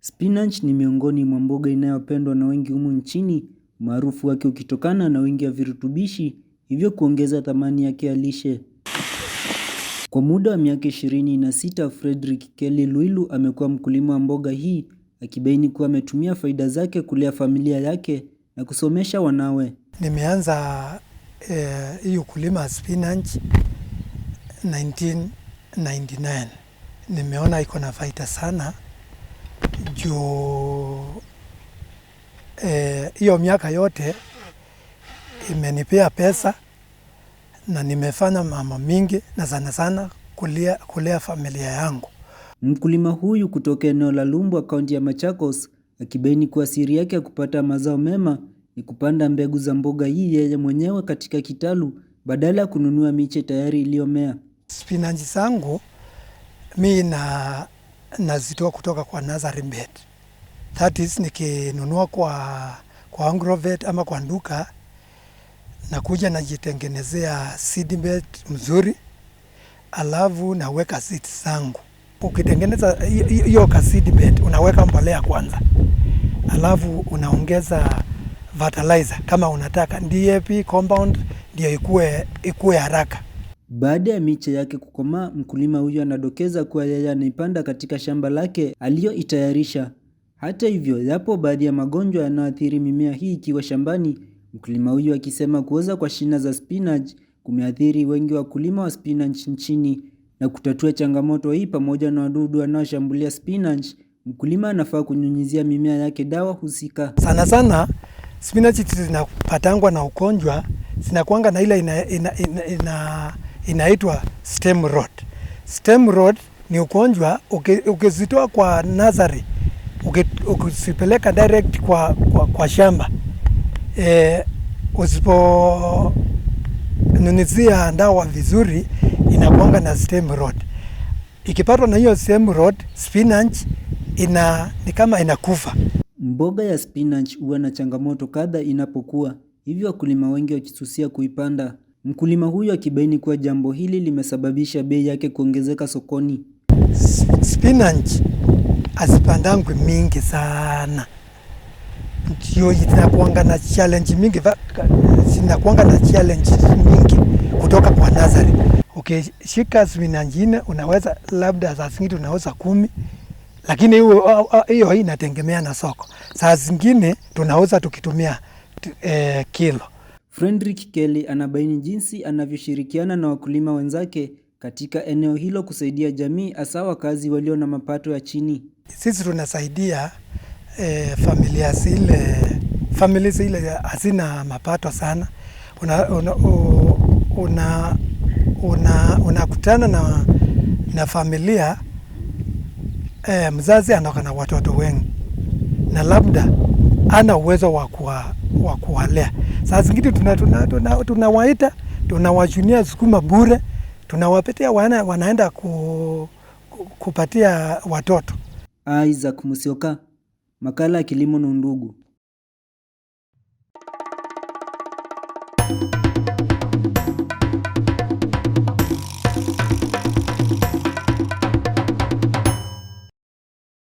Spinach ni miongoni mwa mboga inayopendwa na wengi humu nchini, umaarufu wake ukitokana na wingi wa virutubishi, hivyo kuongeza thamani yake ya lishe. Kwa muda wa miaka ishirini na sita, Frederick Kelly Lwilu amekuwa mkulima wa mboga hii, akibaini kuwa ametumia faida zake kulea familia yake na kusomesha wanawe. Nimeanza eh, hii eh, ukulima spinach 1999 nimeona iko na faida sana juu eh, hiyo miaka yote imenipea pesa na nimefanya mama mingi na sana sana kulea, kulea familia yangu. Mkulima huyu kutoka eneo la Lumbwa kaunti ya Machakos Akibaini kuwa siri yake ya kupata mazao mema ni kupanda mbegu za mboga hii yeye mwenyewe katika kitalu badala ya kununua miche tayari iliyomea. Spinachi zangu mi na nazitoa kutoka kwa nursery bed. That is nikinunua kwa kwa agrovet ama kwa nduka nakuja najitengenezea seed bed mzuri, alafu naweka seeds zangu. Ukitengeneza hiyo ka seed bed unaweka mbolea kwanza alafu unaongeza fertilizer kama unataka DAP compound ndio ikue, ikue haraka. Baada ya miche yake kukomaa, mkulima huyo anadokeza kuwa yeye anaipanda katika shamba lake aliyoitayarisha. Hata hivyo, yapo baadhi ya magonjwa yanayoathiri mimea hii ikiwa shambani, mkulima huyo akisema kuoza kwa shina za spinach kumeathiri wengi wakulima wa spinach nchini. Na kutatua changamoto hii pamoja na wadudu wanaoshambulia spinach mkulima anafaa kunyunyizia mimea yake dawa husika. Sana sana spinachi zinapatangwa na ugonjwa zinakuanga na ile inaitwa ina, ina, ina, ina stem rot. Stem rot ni ugonjwa ukizitoa kwa nazari ukizipeleka direct kwa, kwa, kwa shamba e, eh, nunizia dawa vizuri inakuanga na stem rot. Ikipatwa na hiyo stem rot spinach ina, ni kama inakufa. Mboga ya spinach huwa na changamoto kadha inapokuwa, hivyo wakulima wengi wakisusia kuipanda. Mkulima huyu akibaini kuwa jambo hili limesababisha bei yake kuongezeka sokoni. Spinach azipandangwi mingi sana, ndio zinakuanga na challenge mingi, zinakuanga na challenge mingi kutoka kwa nazari. Ukishika okay, spinach nyingine unaweza labda saa zingine unaweza kumi lakini hiyo hiyo inategemea na soko. Saa zingine tunauza tukitumia eh, kilo. Frederick Kelly anabaini jinsi anavyoshirikiana na wakulima wenzake katika eneo hilo kusaidia jamii hasa wakazi walio na mapato ya chini. Sisi tunasaidia eh, familia zile familia zile hazina mapato sana, unakutana una, una, una, una na, na familia eh, mzazi anaoka na watoto wengi na labda ana uwezo wa kuwalea. Saa zingine tunawaita tuna, tuna, tuna tunawachunia sukuma bure, tunawapitia wana, wanaenda ku, ku, kupatia watoto. Ah, Isaac musioka makala ya kilimo na Undugu.